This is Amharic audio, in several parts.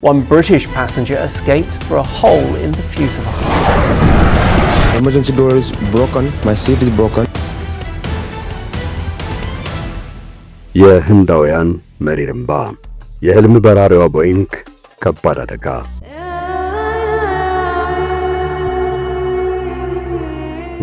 One British passenger escaped through a hole in the fuselage. Emergency door is broken. My seat is broken. የህንዳውያን መሪር እምባ የህልም በራሪዋ ቦይንግ ከባድ አደጋ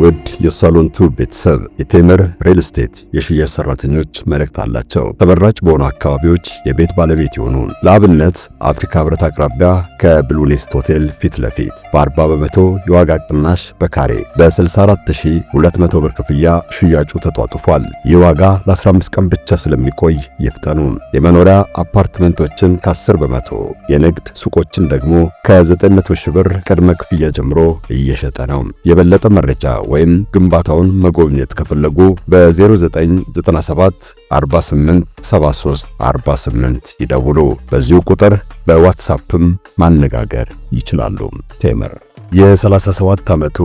ውድ የሳሎን ቱ ቤተሰብ የቴምር ሪል ስቴት የሽያጭ ሰራተኞች መልእክት አላቸው። ተመራጭ በሆኑ አካባቢዎች የቤት ባለቤት የሆኑ ለአብነት አፍሪካ ህብረት አቅራቢያ ከብሉኔስት ሆቴል ፊት ለፊት በ40 በመቶ የዋጋ ቅናሽ በካሬ በ64200 ብር ክፍያ ሽያጩ ተጧጡፏል። ይህ ዋጋ ለ15 ቀን ብቻ ስለሚቆይ ይፍጠኑ። የመኖሪያ አፓርትመንቶችን ከ10 በመቶ የንግድ ሱቆችን ደግሞ ከ900 ሺህ ብር ቅድመ ክፍያ ጀምሮ እየሸጠ ነው። የበለጠ መረጃ ወይም ግንባታውን መጎብኘት ከፈለጉ በ0997 48 73 48 ይደውሉ። በዚሁ ቁጥር በዋትሳፕም ማነጋገር ይችላሉ። ቴምር የ37 ዓመቱ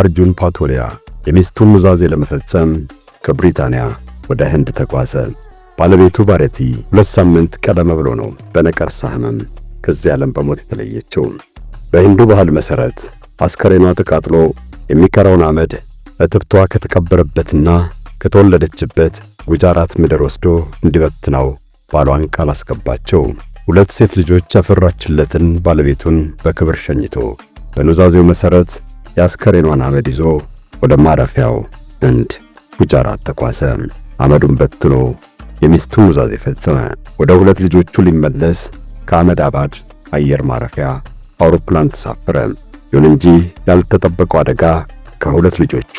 አርጁን ፓቶሊያ የሚስቱን ኑዛዜ ለመፈጸም ከብሪታንያ ወደ ህንድ ተጓዘ። ባለቤቱ ባሬቲ ሁለት ሳምንት ቀደም ብሎ ነው በነቀርሳ ህመም ከዚህ ዓለም በሞት የተለየችው። በሂንዱ ባህል መሠረት አስከሬኗ ተቃጥሎ የሚቀረውን አመድ እትብቷ ከተቀበረበትና ከተወለደችበት ጉጃራት ምድር ወስዶ እንዲበትነው ባሏን ቃል አስገባቸው። ሁለት ሴት ልጆች ያፈራችለትን ባለቤቱን በክብር ሸኝቶ በኑዛዜው መሠረት የአስከሬኗን አመድ ይዞ ወደ ማረፊያው እንድ ጉጃራት ተኳሰ አመዱን በትኖ የሚስቱን ኑዛዜ ፈጸመ። ወደ ሁለት ልጆቹ ሊመለስ ከአመድ አባድ አየር ማረፊያ አውሮፕላን ተሳፈረ። ይሁን እንጂ ያልተጠበቀው አደጋ ከሁለት ልጆቹ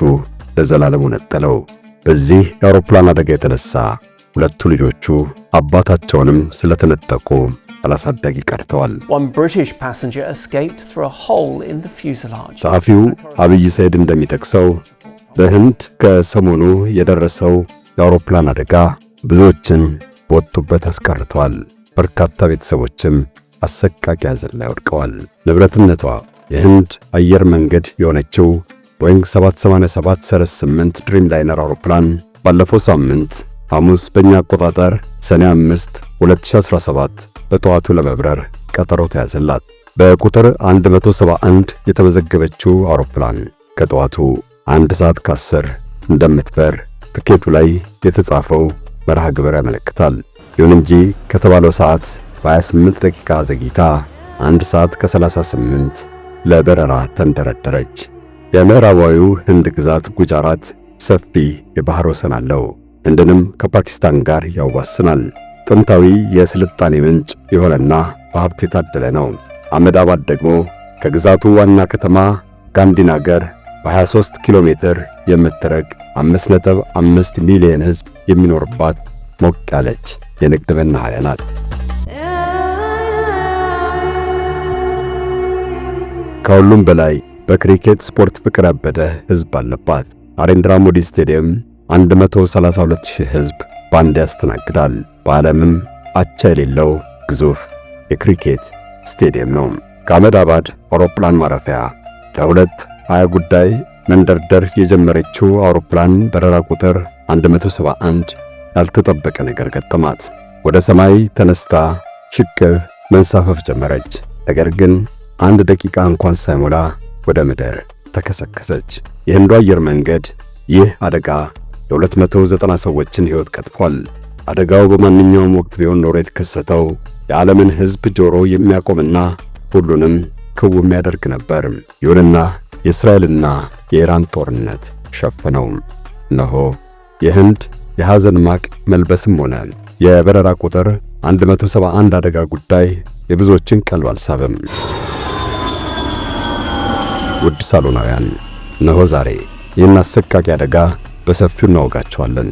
ለዘላለሙ ነጠለው። በዚህ የአውሮፕላን አደጋ የተነሳ ሁለቱ ልጆቹ አባታቸውንም ስለተነጠቁ አላሳዳጊ ቀርተዋል። ጸሐፊው አብይ ሰይድ እንደሚጠቅሰው በህንድ ከሰሞኑ የደረሰው የአውሮፕላን አደጋ ብዙዎችን በወጡበት አስቀርቷል። በርካታ ቤተሰቦችም አሰቃቂ ሐዘን ላይ ወድቀዋል። ንብረትነቷ የህንድ አየር መንገድ የሆነችው ቦይንግ 787 38 ድሪምላይነር አውሮፕላን ባለፈው ሳምንት ሐሙስ በእኛ አቆጣጠር ሰኔ 5 2017 በጠዋቱ ለመብረር ቀጠሮ ተያዘላት። በቁጥር 171 የተመዘገበችው አውሮፕላን ከጠዋቱ 1 ሰዓት ከ10 እንደምትበር ትኬቱ ላይ የተጻፈው መርሃ ግብር ያመለክታል። ይሁን እንጂ ከተባለው ሰዓት በ28 ደቂቃ ዘግይታ 1 ሰዓት ከ38 ለበረራ ተንደረደረች። የምዕራባዊው ህንድ ግዛት ጉጃራት ሰፊ የባህር ወሰን አለው። ህንድንም ከፓኪስታን ጋር ያዋስናል። ጥንታዊ የስልጣኔ ምንጭ የሆነና በሀብት የታደለ ነው። አመዳባድ ደግሞ ከግዛቱ ዋና ከተማ ጋንዲናገር በ23 ኪሎ ሜትር የምትረቅ 5.5 ሚሊዮን ህዝብ የሚኖርባት ሞቅ ያለች የንግድ መናኸሪያ ናት። ከሁሉም በላይ በክሪኬት ስፖርት ፍቅር ያበደ ህዝብ አለባት። ናሬንድራ ሞዲ ስቴዲየም 132000 ህዝብ ባንድ ያስተናግዳል። በዓለምም አቻ የሌለው ግዙፍ የክሪኬት ስቴዲየም ነው። ከአህመድ አባድ አውሮፕላን ማረፊያ ለሁለት ሀያ ጉዳይ መንደርደር የጀመረችው አውሮፕላን በረራ ቁጥር 171 ያልተጠበቀ ነገር ገጠማት። ወደ ሰማይ ተነስታ ሽቅብ መንሳፈፍ ጀመረች። ነገር ግን አንድ ደቂቃ እንኳን ሳይሞላ ወደ ምድር ተከሰከሰች። የህንዱ አየር መንገድ ይህ አደጋ የ290 ሰዎችን ሕይወት ቀጥፏል። አደጋው በማንኛውም ወቅት ቢሆን ኖሮ የተከሰተው የዓለምን ሕዝብ ጆሮ የሚያቆምና ሁሉንም ክው የሚያደርግ ነበር። ይሁንና የእስራኤልና የኢራን ጦርነት ሸፍነው ነሆ የህንድ የሐዘን ማቅ መልበስም ሆነ የበረራ ቁጥር 171 አደጋ ጉዳይ የብዙዎችን ቀልብ አልሳበም። ውድ ሳሎናውያን፣ እነሆ ዛሬ ይህን አሰቃቂ አደጋ በሰፊው እናወጋቸዋለን።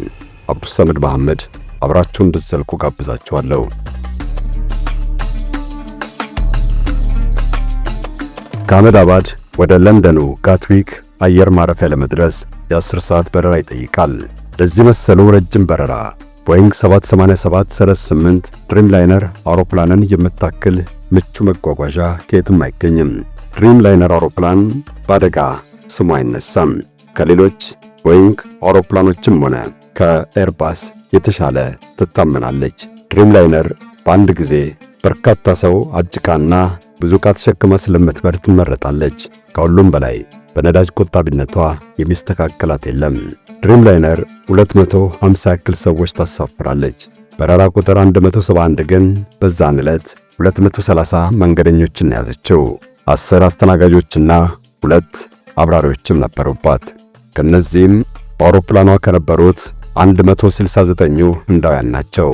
አብዱሰመድ መሐመድ አብራችሁ እንድትዘልቁ ጋብዛችኋለሁ። ከአህመድ አባድ ወደ ለንደኑ ጋትዊክ አየር ማረፊያ ለመድረስ የ10 ሰዓት በረራ ይጠይቃል። ለዚህ መሰሉ ረጅም በረራ ቦይንግ 787-8 ድሪምላይነር አውሮፕላንን የምታክል ምቹ መጓጓዣ ከየትም አይገኝም። ድሪምላይነር አውሮፕላን በአደጋ ስሙ አይነሳም። ከሌሎች ቦይንግ አውሮፕላኖችም ሆነ ከኤርባስ የተሻለ ትታመናለች። ድሪምላይነር በአንድ ጊዜ በርካታ ሰው አጭቃና ብዙ ዕቃ ተሸክማ ስለምትበር ትመረጣለች። ከሁሉም በላይ በነዳጅ ቆጣቢነቷ የሚስተካከላት የለም። ድሪም ላይነር 250 ያክል ሰዎች ታሳፍራለች። በረራ ቁጥር 171 ግን በዛን ዕለት 230 መንገደኞችን ያዘችው። 10 አስተናጋጆችና ሁለት አብራሪዎችም ነበሩባት። ከነዚህም በአውሮፕላኗ ከነበሩት 169ኙ ህንዳውያን ናቸው።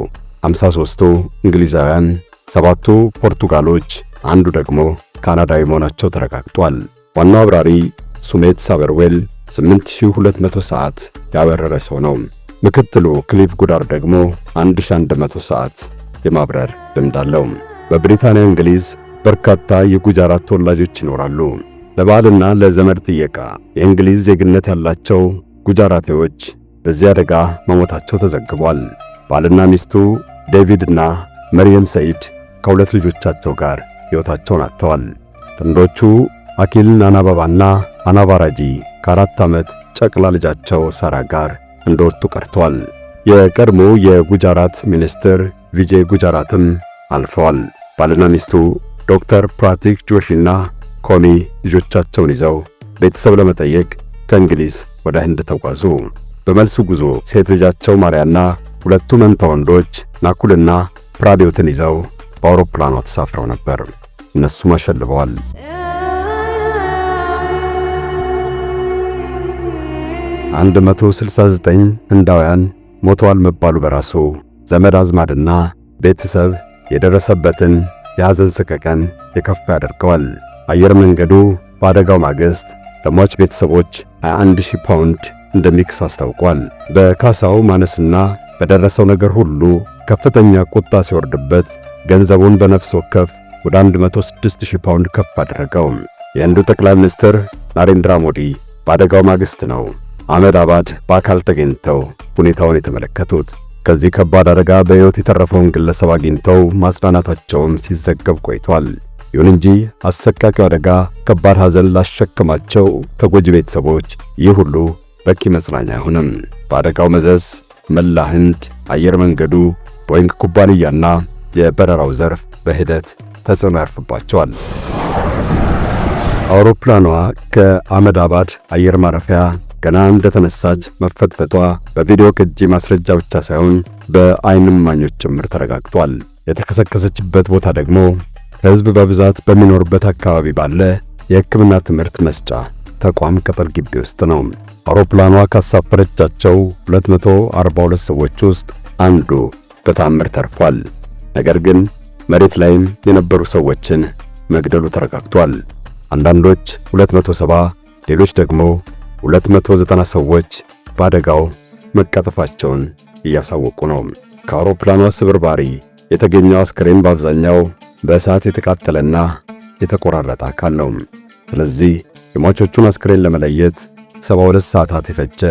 53ቱ እንግሊዛውያን፣ ሰባቱ ፖርቱጋሎች፣ አንዱ ደግሞ ካናዳዊ መሆናቸው ተረጋግጧል። ዋናው አብራሪ ሱሜት ሳበርዌል 8200 ሰዓት ያበረረ ሰው ነው። ምክትሉ ክሊፍ ጉዳር ደግሞ 1100 ሰዓት የማብረር ልምድ አለው። በብሪታንያ እንግሊዝ በርካታ የጉጃራት ተወላጆች ይኖራሉ። ለባህልና ለዘመድ ጥየቃ የእንግሊዝ ዜግነት ያላቸው ጉጃራቴዎች በዚህ አደጋ መሞታቸው ተዘግቧል። ባልና ሚስቱ ዴቪድና መርየም ሰይድ ከሁለት ልጆቻቸው ጋር ሕይወታቸውን አጥተዋል። ጥንዶቹ አኪልን አናባባና አናባራጂ ከአራት ዓመት ጨቅላ ልጃቸው ሳራ ጋር እንደወጡ ቀርቷል። የቀድሞ የጉጃራት ሚኒስትር ቪጄ ጉጃራትም አልፈዋል። ባልና ሚስቱ ዶክተር ፕራቲክ ጆሺና ኮሚ ልጆቻቸውን ይዘው ቤተሰብ ለመጠየቅ ከእንግሊዝ ወደ ህንድ ተጓዙ። በመልሱ ጉዞ ሴት ልጃቸው ማርያና ሁለቱ መንታ ወንዶች ናኩልና ፕራዲዮትን ይዘው በአውሮፕላኗ ተሳፍረው ነበር። እነሱም አሸልበዋል። 169 ህንዳውያን ሞተዋል መባሉ በራሱ ዘመድ አዝማድና ቤተሰብ የደረሰበትን የሐዘን ሰቀቀን የከፋ ያደርገዋል። አየር መንገዱ በአደጋው ማግስት ለሟች ቤተሰቦች 21000 ፓውንድ እንደሚክስ አስታውቋል። በካሳው ማነስና በደረሰው ነገር ሁሉ ከፍተኛ ቁጣ ሲወርድበት ገንዘቡን በነፍስ ወከፍ ወደ 106000 ፓውንድ ከፍ አደረገው። የህንዱ ጠቅላይ ሚኒስትር ናሬንድራ ሞዲ በአደጋው ማግስት ነው አህመድ አባድ በአካል ተገኝተው ሁኔታውን የተመለከቱት ከዚህ ከባድ አደጋ በሕይወት የተረፈውን ግለሰብ አግኝተው ማጽናናታቸውን ሲዘገብ ቆይቷል። ይሁን እንጂ አሰቃቂው አደጋ ከባድ ሐዘን ላሸከማቸው ተጎጂ ቤተሰቦች ይህ ሁሉ በቂ መጽናኛ አይሆንም። በአደጋው መዘዝ መላ ህንድ አየር መንገዱ፣ ቦይንግ ኩባንያና የበረራው ዘርፍ በሂደት ተጽዕኖ ያርፍባቸዋል። አውሮፕላኗ ከአህመድ አባድ አየር ማረፊያ ገና እንደተነሳች መፈትፈቷ በቪዲዮ ቅጂ ማስረጃ ብቻ ሳይሆን በዓይን እማኞች ጭምር ተረጋግጧል። የተከሰከሰችበት ቦታ ደግሞ ሕዝብ በብዛት በሚኖርበት አካባቢ ባለ የሕክምና ትምህርት መስጫ ተቋም ቅጥር ግቢ ውስጥ ነው። አውሮፕላኗ ካሳፈረቻቸው 242 ሰዎች ውስጥ አንዱ በታምር ተርፏል። ነገር ግን መሬት ላይም የነበሩ ሰዎችን መግደሉ ተረጋግቷል። አንዳንዶች 270 ሌሎች ደግሞ 290 ሰዎች በአደጋው መቀጠፋቸውን እያሳወቁ ነው። ከአውሮፕላኗ ስብርባሪ የተገኘው አስክሬን በአብዛኛው በእሳት የተቃጠለና የተቆራረጠ አካል ነው። ስለዚህ የሟቾቹን አስክሬን ለመለየት 72 ሰዓታት የፈጀ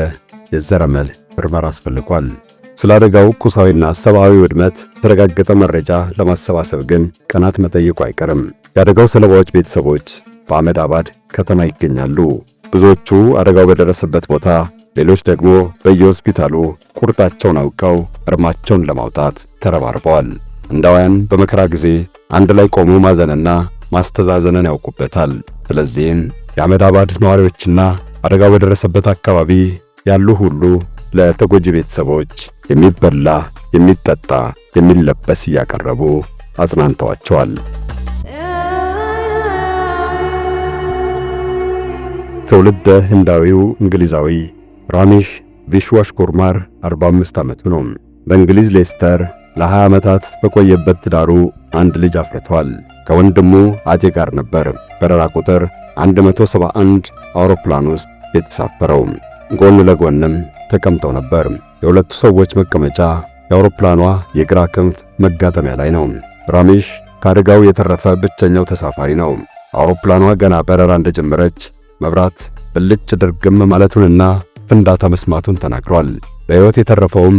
የዘረመል ምርመራ አስፈልጓል። ስለ አደጋው ቁሳዊና ሰብአዊ ውድመት የተረጋገጠ መረጃ ለማሰባሰብ ግን ቀናት መጠየቁ አይቀርም። የአደጋው ሰለባዎች ቤተሰቦች በአህመድ አባድ ከተማ ይገኛሉ። ብዙዎቹ አደጋው በደረሰበት ቦታ፣ ሌሎች ደግሞ በየሆስፒታሉ ቁርጣቸውን አውቀው እርማቸውን ለማውጣት ተረባርበዋል። ህንዳውያን በመከራ ጊዜ አንድ ላይ ቆሞ ማዘንና ማስተዛዘንን ያውቁበታል። ስለዚህም የአህመድ ነዋሪዎችና አደጋው በደረሰበት አካባቢ ያሉ ሁሉ ለተጎጂ ቤተሰቦች የሚበላ፣ የሚጠጣ፣ የሚለበስ እያቀረቡ አጽናንተዋቸዋል። ትውልደ ህንዳዊው እንግሊዛዊ ራሚሽ ቪሽዋሽ ኩርማር 45 ዓመቱ ነው። በእንግሊዝ ሌስተር ለ20 ዓመታት በቆየበት ትዳሩ አንድ ልጅ አፍርቷል። ከወንድሙ አጄ ጋር ነበር በረራ ቁጥር 171 አውሮፕላን ውስጥ የተሳፈረው። ጎን ለጎንም ተቀምጠው ነበር። የሁለቱ ሰዎች መቀመጫ የአውሮፕላኗ የግራ ክንፍ መጋጠሚያ ላይ ነው። ራሚሽ ከአደጋው የተረፈ ብቸኛው ተሳፋሪ ነው። አውሮፕላኗ ገና በረራ እንደጀመረች መብራት ብልጭ ድርግም ማለቱንና ፍንዳታ መስማቱን ተናግሯል። በሕይወት የተረፈውም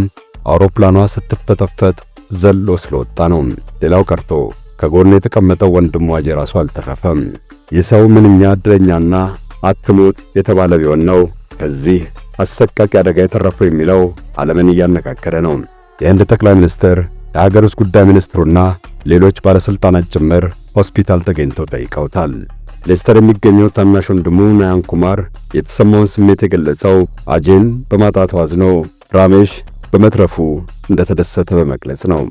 አውሮፕላኗ ስትፈተፈት ዘሎ ስለወጣ ነው። ሌላው ቀርቶ ከጎን የተቀመጠው ወንድሟ ራሱ አልተረፈም። ይህ ሰው ምንኛ እድለኛና አትሙት የተባለ ቢሆን ነው ከዚህ አሰቃቂ አደጋ የተረፈው የሚለው ዓለምን እያነጋገረ ነው። የህንድ ጠቅላይ ሚኒስትር፣ የሀገር ውስጥ ጉዳይ ሚኒስትሩና ሌሎች ባለሥልጣናት ጭምር ሆስፒታል ተገኝተው ጠይቀውታል። ሌስተር የሚገኘው ታናሽ ወንድሙ ናያን ኩማር የተሰማውን ስሜት የገለጸው አጄን በማጣቱ አዝኖ ራሜሽ በመትረፉ እንደተደሰተ በመግለጽ ነው።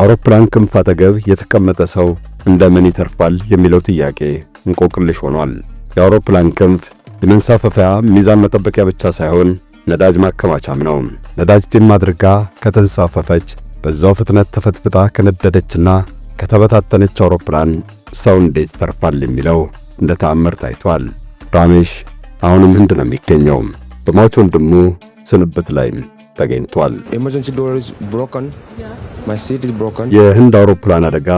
አውሮፕላን ክንፍ አጠገብ የተቀመጠ ሰው እንደምን ይተርፋል የሚለው ጥያቄ እንቆቅልሽ ሆኗል። የአውሮፕላን ክንፍ የመንሳፈፊያ ሚዛን መጠበቂያ ብቻ ሳይሆን ነዳጅ ማከማቻም ነው። ነዳጅ ጢም አድርጋ ከተንሳፈፈች በዛው ፍጥነት ተፈትፍታ ከነደደችና ከተበታተነች አውሮፕላን ሰው እንዴት ይተርፋል የሚለው እንደ ተአምር ታይቷል። ራሜሽ አሁንም ህንድ ነው የሚገኘው። በሟች ወንድሙ ስንብት ላይም ተገኝቷል። የህንድ አውሮፕላን አደጋ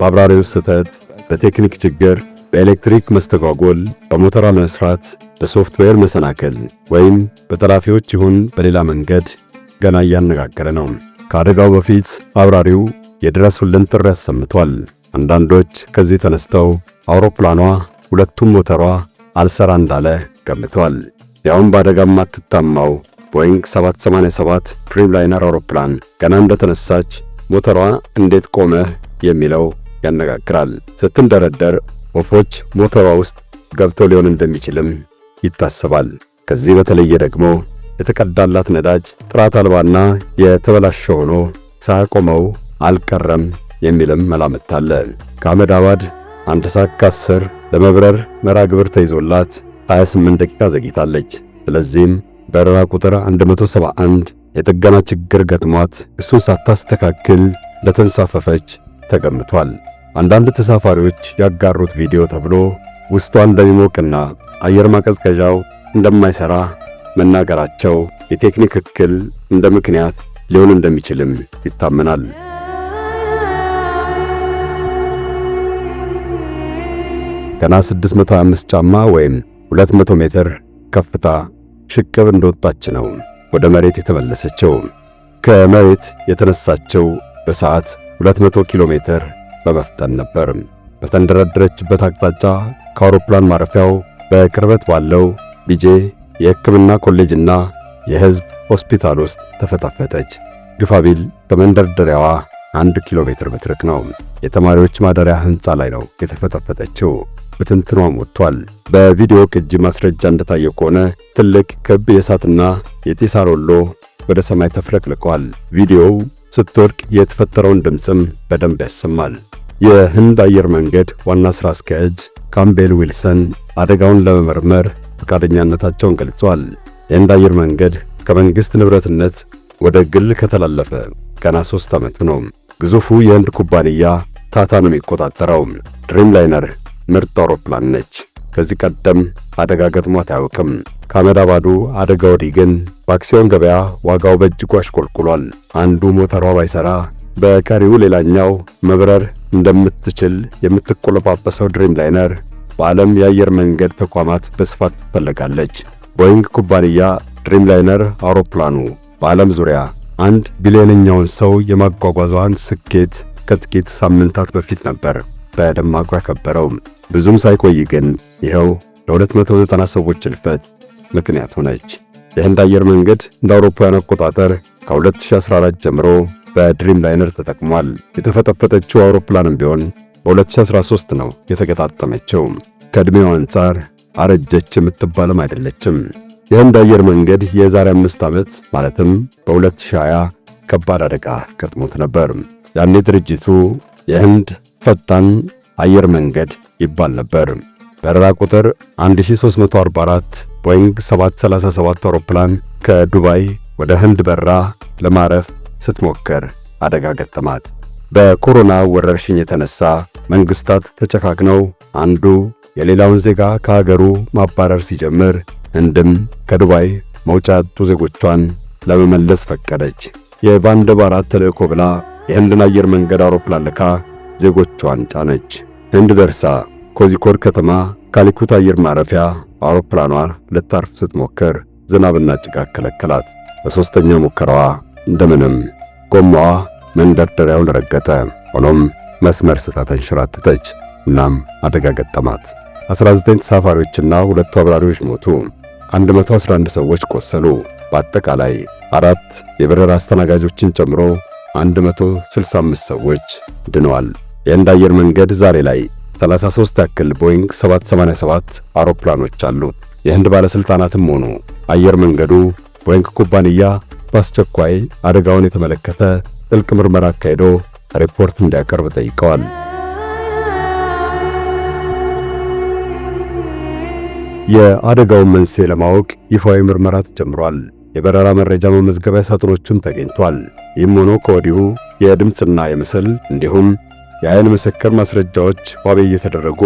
በአብራሪው ስህተት፣ በቴክኒክ ችግር፣ በኤሌክትሪክ መስተጓጎል፣ በሞተር መስራት፣ በሶፍትዌር መሰናከል ወይም በጠላፊዎች ይሁን በሌላ መንገድ ገና እያነጋገረ ነው። ከአደጋው በፊት አብራሪው የድረሱልን ጥሪ አሰምቷል። አንዳንዶች ከዚህ ተነስተው አውሮፕላኗ ሁለቱም ሞተሯ አልሰራ እንዳለ ገምተዋል። ያውም በአደጋ የማትታማው ቦይንግ 787 ድሪምላይነር አውሮፕላን ገና እንደተነሳች ሞተሯ እንዴት ቆመ የሚለው ያነጋግራል። ስትንደረደር ወፎች ሞተሯ ውስጥ ገብተው ሊሆን እንደሚችልም ይታሰባል። ከዚህ በተለየ ደግሞ የተቀዳላት ነዳጅ ጥራት አልባና የተበላሸ ሆኖ ሳያቆመው አልቀረም የሚልም መላምት አለ። ከአህመድ አባድ አንድ ሰዓት ከአስር ለመብረር መራ ግብር ተይዞላት 28 ደቂቃ ዘግይታለች። ስለዚህም በረራ ቁጥር 171 የጥገና ችግር ገጥሟት እሱን ሳታስተካክል ለተንሳፈፈች ተገምቷል። አንዳንድ ተሳፋሪዎች ያጋሩት ቪዲዮ ተብሎ ውስጧ እንደሚሞቅና አየር ማቀዝቀዣው እንደማይሰራ መናገራቸው የቴክኒክ እክል እንደ ምክንያት ሊሆን እንደሚችልም ይታመናል። ገና 605 ጫማ ወይም 200 ሜትር ከፍታ ሽቅብ እንደወጣች ነው ወደ መሬት የተመለሰችው። ከመሬት የተነሳችው በሰዓት 200 ኪሎ ሜትር በመፍጠን ነበር። በተንደረደረችበት አቅጣጫ ከአውሮፕላን ማረፊያው በቅርበት ባለው ቢጄ የሕክምና ኮሌጅና የሕዝብ ሆስፒታል ውስጥ ተፈታፈተች። ግፋቢል በመንደርደሪያዋ አንድ ኪሎ ሜትር ብትርቅ ነው። የተማሪዎች ማደሪያ ሕንፃ ላይ ነው የተፈታፈተችው። በትንትኗም ወጥቷል። በቪዲዮ ቅጂ ማስረጃ እንደታየው ከሆነ ትልቅ ክብ የእሳትና የጢስ አሎሎ ወደ ሰማይ ተፍለቅልቋል። ቪዲዮው ስትወድቅ የተፈጠረውን ድምፅም በደንብ ያሰማል። የህንድ አየር መንገድ ዋና ሥራ አስኪያጅ ካምቤል ዊልሰን አደጋውን ለመመርመር ፈቃደኛነታቸውን ገልጸዋል። የህንድ አየር መንገድ ከመንግሥት ንብረትነት ወደ ግል ከተላለፈ ገና ሦስት ዓመቱ ነው። ግዙፉ የህንድ ኩባንያ ነው የሚቆጣጠረው ድሪም ላይነር ምርጥ አውሮፕላን ነች። ከዚህ ቀደም አደጋ ገጥሟት አያውቅም። ካናዳ ባዶ አደጋ ወዲህ ግን በአክሲዮን ገበያ ዋጋው በእጅጉ አሽቆልቁሏል። አንዱ ሞተሯ ባይሰራ በቀሪው ሌላኛው መብረር እንደምትችል የምትቆለጳጰሰው ድሪም ላይነር በዓለም የአየር መንገድ ተቋማት በስፋት ትፈለጋለች። ቦይንግ ኩባንያ ድሪም ላይነር አውሮፕላኑ በዓለም ዙሪያ አንድ ቢሊዮነኛውን ሰው የማጓጓዟን ስኬት ከጥቂት ሳምንታት በፊት ነበር በደማቁ ያከበረው። ብዙም ሳይቆይ ግን ይኸው ለ290 ሰዎች እልፈት ምክንያት ሆነች። የህንድ አየር መንገድ እንደ አውሮፓውያን አቆጣጠር ከ2014 ጀምሮ በድሪም ላይነር ተጠቅሟል። የተፈጠፈጠችው አውሮፕላንም ቢሆን በ2013 ነው የተገጣጠመችው። ከዕድሜው አንጻር አረጀች የምትባለም አይደለችም። የህንድ አየር መንገድ የዛሬ አምስት ዓመት ማለትም በ2020 ከባድ አደጋ ገጥሞት ነበር። ያኔ ድርጅቱ የህንድ ፈጣን አየር መንገድ ይባል ነበር። በረራ ቁጥር 1344 ቦይንግ 737 አውሮፕላን ከዱባይ ወደ ህንድ በራ ለማረፍ ስትሞክር አደጋ ገጠማት። በኮሮና ወረርሽኝ የተነሳ መንግስታት ተጨካክነው አንዱ የሌላውን ዜጋ ከሀገሩ ማባረር ሲጀምር ህንድም ከዱባይ መውጫ ያጡ ዜጎቿን ለመመለስ ፈቀደች። የባንደባራት ተልእኮ ብላ የህንድን አየር መንገድ አውሮፕላን ልካ ዜጎቿን ጫነች። ህንድ ደርሳ ኮዚኮድ ከተማ ካሊኩት አየር ማረፊያ አውሮፕላኗ ልታርፍ ስትሞክር ዝናብና ጭጋግ ከለከላት። በሦስተኛው ሙከራዋ እንደምንም ጎማዋ መንደርደሪያውን ረገጠ። ሆኖም መስመር ስታ ተንሸራተተች። እናም አደጋ ገጠማት። 19 ተሳፋሪዎችና ሁለቱ አብራሪዎች ሞቱ። 111 ሰዎች ቆሰሉ። በአጠቃላይ አራት የበረራ አስተናጋጆችን ጨምሮ 165 ሰዎች ድነዋል። የህንድ አየር መንገድ ዛሬ ላይ 33 ያክል ቦይንግ 787 አውሮፕላኖች አሉት። የህንድ ባለሥልጣናትም ሆኑ አየር መንገዱ ቦይንግ ኩባንያ በአስቸኳይ አደጋውን የተመለከተ ጥልቅ ምርመራ አካሂዶ ሪፖርት እንዲያቀርብ ጠይቀዋል። የአደጋውን መንስኤ ለማወቅ ይፋዊ ምርመራ ተጀምሯል። የበረራ መረጃ መመዝገቢያ ሳጥኖችም ተገኝቷል። ይህም ሆኖ ከወዲሁ የድምፅና የምስል እንዲሁም የአይን ምስክር ማስረጃዎች ዋቢ እየተደረጉ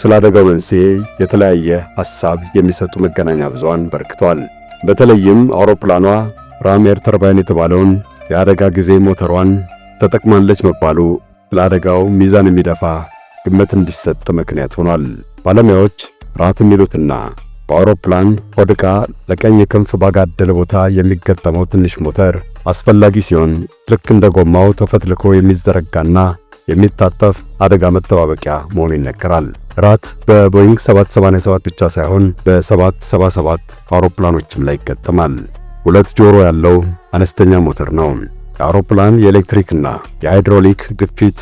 ስለ አደጋው መንስኤ የተለያየ ሐሳብ የሚሰጡ መገናኛ ብዙሃን በርክተዋል። በተለይም አውሮፕላኗ ራም ኤር ተርባይን የተባለውን የአደጋ ጊዜ ሞተሯን ተጠቅማለች መባሉ ለአደጋው ሚዛን የሚደፋ ግምት እንዲሰጥ ምክንያት ሆኗል። ባለሙያዎች ራት የሚሉትና በአውሮፕላን ሆድቃ ለቀኝ ክንፍ ባጋደለ ቦታ የሚገጠመው ትንሽ ሞተር አስፈላጊ ሲሆን ልክ እንደ ጎማው ተፈትልኮ የሚዘረጋና የሚታጠፍ አደጋ መጠባበቂያ መሆኑ ይነገራል። ራት በቦይንግ 787 ብቻ ሳይሆን በ777 አውሮፕላኖችም ላይ ይገጠማል። ሁለት ጆሮ ያለው አነስተኛ ሞተር ነው። የአውሮፕላን የኤሌክትሪክና የሃይድሮሊክ ግፊት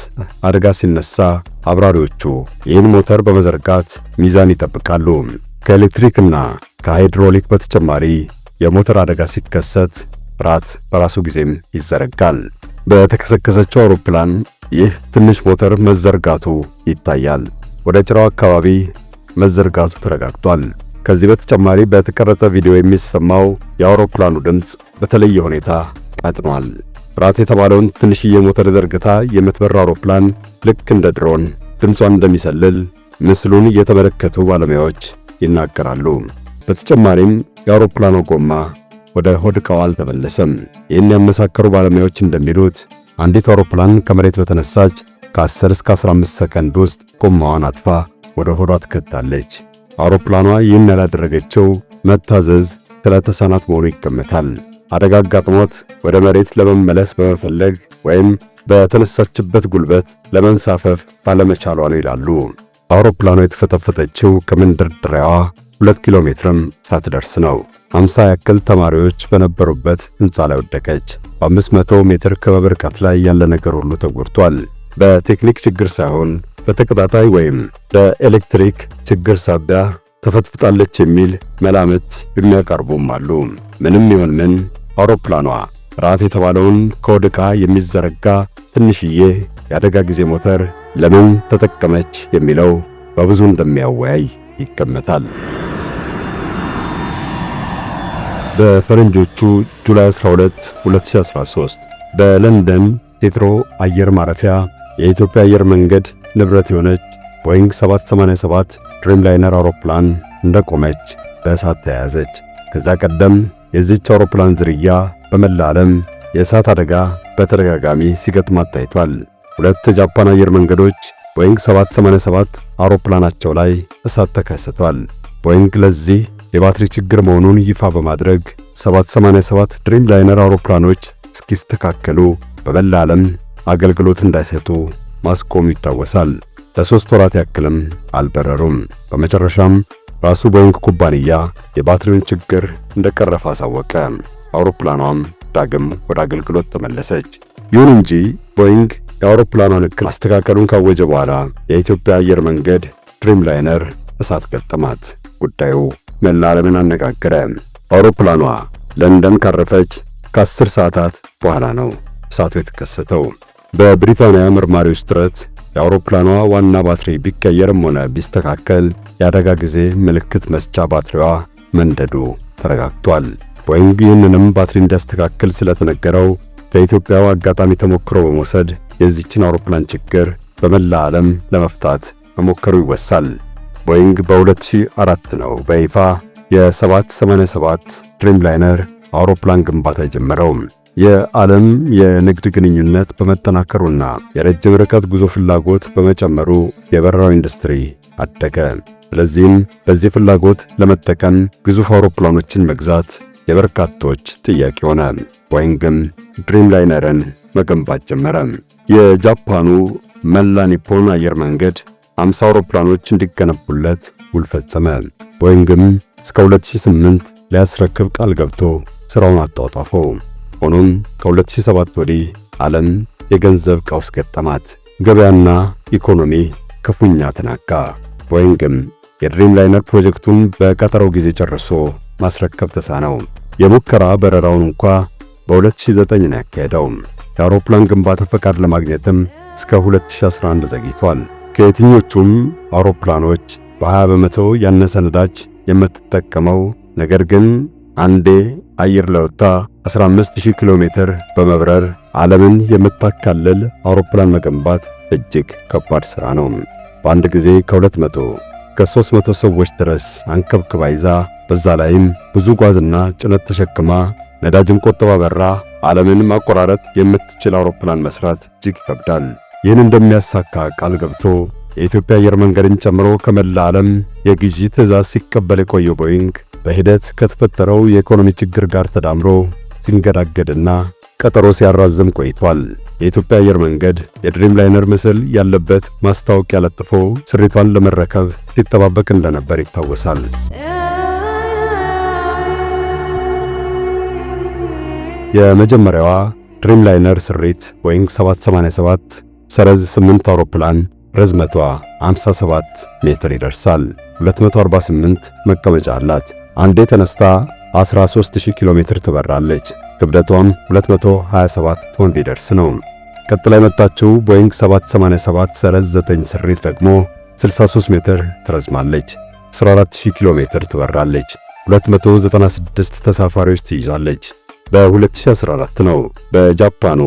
አደጋ ሲነሳ አብራሪዎቹ ይህን ሞተር በመዘርጋት ሚዛን ይጠብቃሉ። ከኤሌክትሪክና ከሃይድሮሊክ በተጨማሪ የሞተር አደጋ ሲከሰት ራት በራሱ ጊዜም ይዘረጋል። በተከሰከሰችው አውሮፕላን ይህ ትንሽ ሞተር መዘርጋቱ ይታያል። ወደ ጭራው አካባቢ መዘርጋቱ ተረጋግጧል። ከዚህ በተጨማሪ በተቀረጸ ቪዲዮ የሚሰማው የአውሮፕላኑ ድምፅ በተለየ ሁኔታ ቀጥኗል። ራት የተባለውን ትንሽዬ ሞተር ዘርግታ የምትበር አውሮፕላን ልክ እንደ ድሮን ድምጿን እንደሚሰልል ምስሉን እየተመለከቱ ባለሙያዎች ይናገራሉ። በተጨማሪም የአውሮፕላኑ ጎማ ወደ ሆድ ዕቃው አልተመለሰም። ይህን ያመሳከሩ ባለሙያዎች እንደሚሉት አንዲት አውሮፕላን ከመሬት በተነሳች ከ10 እስከ 15 ሰከንድ ውስጥ ጎማዋን አጥፋ ወደ ሆዷ ትከታለች። አውሮፕላኗ ይህን ያላደረገችው መታዘዝ ስለተሳናት መሆኑ ይገመታል። አደጋ አጋጥሞት ወደ መሬት ለመመለስ በመፈለግ ወይም በተነሳችበት ጉልበት ለመንሳፈፍ ባለመቻሏ ነው ይላሉ። አውሮፕላኗ የተፈተፈተችው ከመንደርደሪያዋ 2 ኪሎ ሜትርም ሳትደርስ ነው። 50 ያክል ተማሪዎች በነበሩበት ህንፃ ላይ ወደቀች። በ500 ሜትር ክበብ ርቀት ላይ ያለ ነገር ሁሉ ተጎድቷል። በቴክኒክ ችግር ሳይሆን በተቀጣጣይ ወይም በኤሌክትሪክ ችግር ሳቢያ ተፈትፍጣለች የሚል መላምት የሚያቀርቡም አሉ። ምንም ይሁን ምን አውሮፕላኗ ራት የተባለውን ከወድቃ የሚዘረጋ ትንሽዬ የአደጋ ጊዜ ሞተር ለምን ተጠቀመች የሚለው በብዙ እንደሚያወያይ ይገመታል። በፈረንጆቹ ጁላይ 12 2013 በለንደን ሂትሮ አየር ማረፊያ የኢትዮጵያ አየር መንገድ ንብረት የሆነች ቦይንግ 787 ድሪምላይነር አውሮፕላን እንደቆመች በእሳት ተያያዘች። ከዛ ቀደም የዚች አውሮፕላን ዝርያ በመላ ዓለም የእሳት አደጋ በተደጋጋሚ ሲገጥማት ታይቷል። ሁለት የጃፓን አየር መንገዶች ቦይንግ 787 አውሮፕላናቸው ላይ እሳት ተከስቷል። ቦይንግ ለዚህ የባትሪ ችግር መሆኑን ይፋ በማድረግ 787 ድሪም ላይነር አውሮፕላኖች እስኪስተካከሉ በመላ ዓለም አገልግሎት እንዳይሰጡ ማስቆሙ ይታወሳል። ለሶስት ወራት ያክልም አልበረሩም። በመጨረሻም ራሱ ቦይንግ ኩባንያ የባትሪውን ችግር እንደቀረፈ አሳወቀ። አውሮፕላኗም ዳግም ወደ አገልግሎት ተመለሰች። ይሁን እንጂ ቦይንግ የአውሮፕላኗን እክል ማስተካከሉን ካወጀ በኋላ የኢትዮጵያ አየር መንገድ ድሪም ላይነር እሳት ገጠማት። ጉዳዩ መላለምን አነጋገረ። አውሮፕላኗ ለንደን ካረፈች ከአስር ሰዓታት በኋላ ነው እሳቱ የተከሰተው። በብሪታንያ መርማሪዎች ጥረት የአውሮፕላኗ ዋና ባትሪ ቢቀየርም ሆነ ቢስተካከል የአደጋ ጊዜ ምልክት መስጫ ባትሪዋ መንደዱ ተረጋግቷል። ቦይንግ ይህንንም ባትሪ እንዲያስተካክል ስለተነገረው ከኢትዮጵያው አጋጣሚ ተሞክሮ በመውሰድ የዚችን አውሮፕላን ችግር በመላ ዓለም ለመፍታት መሞከሩ ይወሳል። ቦይንግ በ2004 ነው በይፋ የ787 ድሪምላይነር አውሮፕላን ግንባታ የጀመረው። የዓለም የንግድ ግንኙነት በመጠናከሩና የረጅም ርቀት ጉዞ ፍላጎት በመጨመሩ የበረራው ኢንዱስትሪ አደገ። ስለዚህም በዚህ ፍላጎት ለመጠቀም ግዙፍ አውሮፕላኖችን መግዛት የበርካቶች ጥያቄ ሆነ። ቦይንግም ድሪምላይነርን መገንባት ጀመረ። የጃፓኑ መላ ኒፖን አየር መንገድ አምሳ አውሮፕላኖች እንዲገነቡለት ውል ፈጸመ። ቦይንግም እስከ 2008 ሊያስረክብ ቃል ገብቶ ስራውን አጧጧፈው። ሆኖም ከ2007 ወዲህ ዓለም የገንዘብ ቀውስ ገጠማት። ገበያና ኢኮኖሚ ክፉኛ ተናጋ። ቦይንግም የድሪም ላይነር ፕሮጀክቱን በቀጠረው ጊዜ ጨርሶ ማስረከብ ተሳነው። የሙከራ በረራውን እንኳ በ2009 ነው ያካሄደው። የአውሮፕላን ግንባታ ፈቃድ ለማግኘትም እስከ 2011 ዘግይቷል። ከየትኞቹም አውሮፕላኖች በ20 በመቶ ያነሰ ነዳጅ የምትጠቀመው ነገር ግን አንዴ አየር ላይ 15000 ኪሎ ሜትር በመብረር ዓለምን የምታካልል አውሮፕላን መገንባት እጅግ ከባድ ሥራ ነው። በአንድ ጊዜ ከ200 ከ300 ሰዎች ድረስ አንከብክባ ይዛ በዛ ላይም ብዙ ጓዝና ጭነት ተሸክማ ነዳጅም ቆጥባ በራ ዓለምን ማቆራረጥ የምትችል አውሮፕላን መስራት እጅግ ይከብዳል። ይህን እንደሚያሳካ ቃል ገብቶ የኢትዮጵያ አየር መንገድን ጨምሮ ከመላ ዓለም የግዢ ትዕዛዝ ሲቀበል የቆየው ቦይንግ በሂደት ከተፈጠረው የኢኮኖሚ ችግር ጋር ተዳምሮ ሲንገዳገድና ቀጠሮ ሲያራዝም ቆይቷል። የኢትዮጵያ አየር መንገድ የድሪም ላይነር ምስል ያለበት ማስታወቂያ ለጥፎ ስሪቷን ለመረከብ ሲጠባበቅ እንደነበር ይታወሳል። የመጀመሪያዋ ድሪም ላይነር ስሪት ቦይንግ 787 ሰረዝ 8 አውሮፕላን ርዝመቷ 57 ሜትር ይደርሳል። 248 መቀመጫ አላት። አንዴ ተነስታ 13000 ኪሎ ሜትር ትበራለች። ክብደቷም 227 ቶን ቢደርስ ነው። ቀጥላ የመጣችው ቦይንግ 787 ሰረዝ 9 ስሪት ደግሞ 63 ሜትር ትረዝማለች። 14000 ኪሎ ሜትር ትበራለች። 296 ተሳፋሪዎች ትይዛለች። በ2014 ነው በጃፓኑ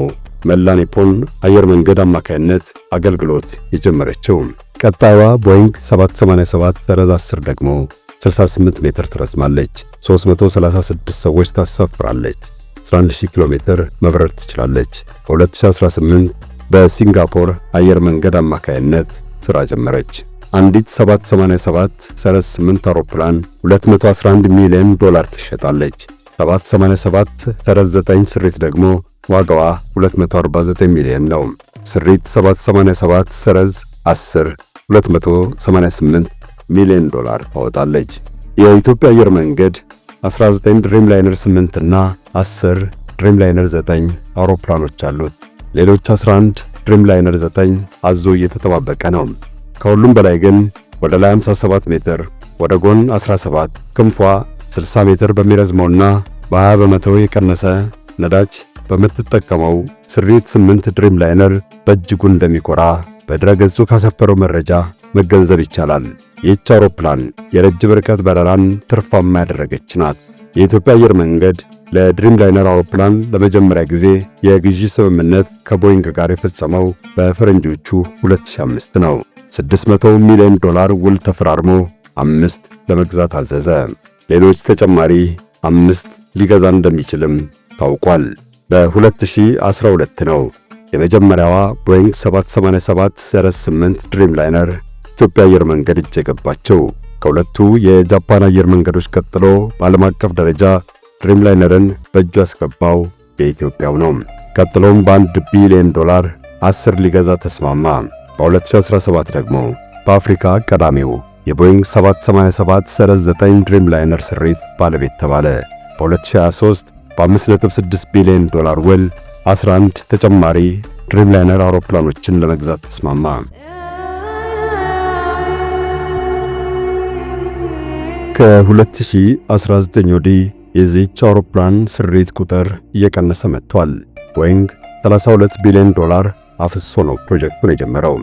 መላኔፖን አየር መንገድ አማካይነት አገልግሎት የጀመረችው። ቀጣዩዋ ቦይንግ 787-10 ደግሞ 68 ሜትር ትረዝማለች፣ 336 ሰዎች ታሳፍራለች፣ 11000 ኪሎ ሜትር መብረር ትችላለች። በ2018 በሲንጋፖር አየር መንገድ አማካይነት ሥራ ጀመረች። አንዲት 787-8 አውሮፕላን 211 ሚሊዮን ዶላር ትሸጣለች። 787 ተረት 9 ስሪት ደግሞ ዋጋዋ 249 ሚሊዮን ነው። ስሪት 787 ሰረዝ 10 288 ሚሊዮን ዶላር ታወጣለች። የኢትዮጵያ አየር መንገድ 19 ድሪም ላይነር 8 እና 10 ድሪም ላይነር 9 አውሮፕላኖች አሉት። ሌሎች 11 ድሪም ላይነር 9 አዞ እየተጠባበቀ ነው። ከሁሉም በላይ ግን ወደ ላይ 57 ሜትር ወደ ጎን 17 ክንፏ 60 ሜትር በሚረዝመውና በ20 በመቶ የቀነሰ ነዳጅ በምትጠቀመው ስሪት 8 ድሪም ላይነር በእጅጉ እንደሚኮራ በድረ ገጹ ካሰፈረው መረጃ መገንዘብ ይቻላል። ይህች አውሮፕላን የረጅም ርቀት በረራን ትርፋማ ያደረገች ናት። የኢትዮጵያ አየር መንገድ ለድሪም ላይነር አውሮፕላን ለመጀመሪያ ጊዜ የግዢ ስምምነት ከቦይንግ ጋር የፈጸመው በፈረንጆቹ 2005 ነው። 600 ሚሊዮን ዶላር ውል ተፈራርሞ አምስት ለመግዛት አዘዘ። ሌሎች ተጨማሪ አምስት ሊገዛ እንደሚችልም ታውቋል። በ2012 ነው የመጀመሪያዋ ቦይንግ 787-8 ድሪምላይነር ኢትዮጵያ አየር መንገድ እጅ የገባቸው። ከሁለቱ የጃፓን አየር መንገዶች ቀጥሎ በዓለም አቀፍ ደረጃ ድሪምላይነርን በእጁ ያስገባው የኢትዮጵያው ነው። ቀጥሎም በአንድ ቢሊዮን ዶላር 10 ሊገዛ ተስማማ። በ2017 ደግሞ በአፍሪካ ቀዳሚው የቦይንግ 787 ሰረዝ 9 ድሪም ላይነር ስሪት ባለቤት ተባለ። በ2023 በ5.6 ቢሊዮን ዶላር ውል 11 ተጨማሪ ድሪም ላይነር አውሮፕላኖችን ለመግዛት ተስማማ። ከ2019 ወዲህ የዚህች አውሮፕላን ስሪት ቁጥር እየቀነሰ መጥቷል። ቦይንግ 32 ቢሊዮን ዶላር አፍሶ ነው ፕሮጀክቱን የጀመረው።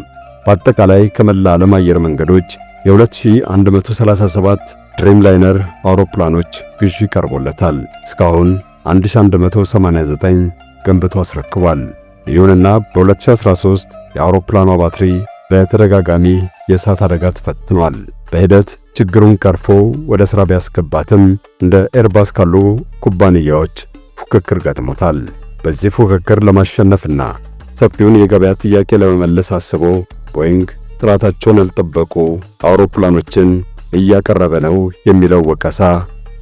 በአጠቃላይ ከመላ ዓለም አየር መንገዶች የ2137 ድሪም ላይነር አውሮፕላኖች ግዢ ቀርቦለታል። እስካሁን 1189 ገንብቶ አስረክቧል። ይሁንና በ2013 የአውሮፕላኗ ባትሪ በተደጋጋሚ የእሳት አደጋ ተፈትኗል። በሂደት ችግሩን ቀርፎ ወደ ሥራ ቢያስገባትም እንደ ኤርባስ ካሉ ኩባንያዎች ፉክክር ገጥሞታል። በዚህ ፉክክር ለማሸነፍና ሰፊውን የገበያ ጥያቄ ለመመለስ አስቦ ቦይንግ ጥራታቸውን ያልጠበቁ አውሮፕላኖችን እያቀረበ ነው የሚለው ወቀሳ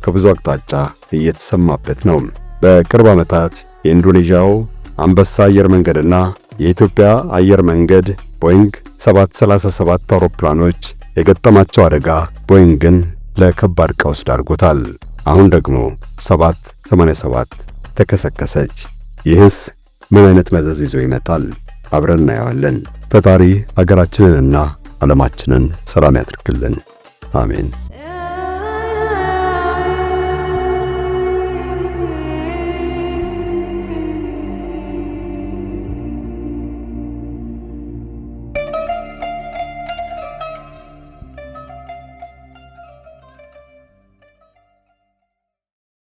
ከብዙ አቅጣጫ እየተሰማበት ነው። በቅርብ ዓመታት የኢንዶኔዥያው አንበሳ አየር መንገድና የኢትዮጵያ አየር መንገድ ቦይንግ 737 አውሮፕላኖች የገጠማቸው አደጋ ቦይንግን ለከባድ ቀውስ ዳርጎታል። አሁን ደግሞ 787 ተከሰከሰች። ይህስ ምን አይነት መዘዝ ይዞ ይመጣል? አብረን እናየዋለን። ፈጣሪ አገራችንንና ዓለማችንን ሰላም ያድርግልን። አሜን።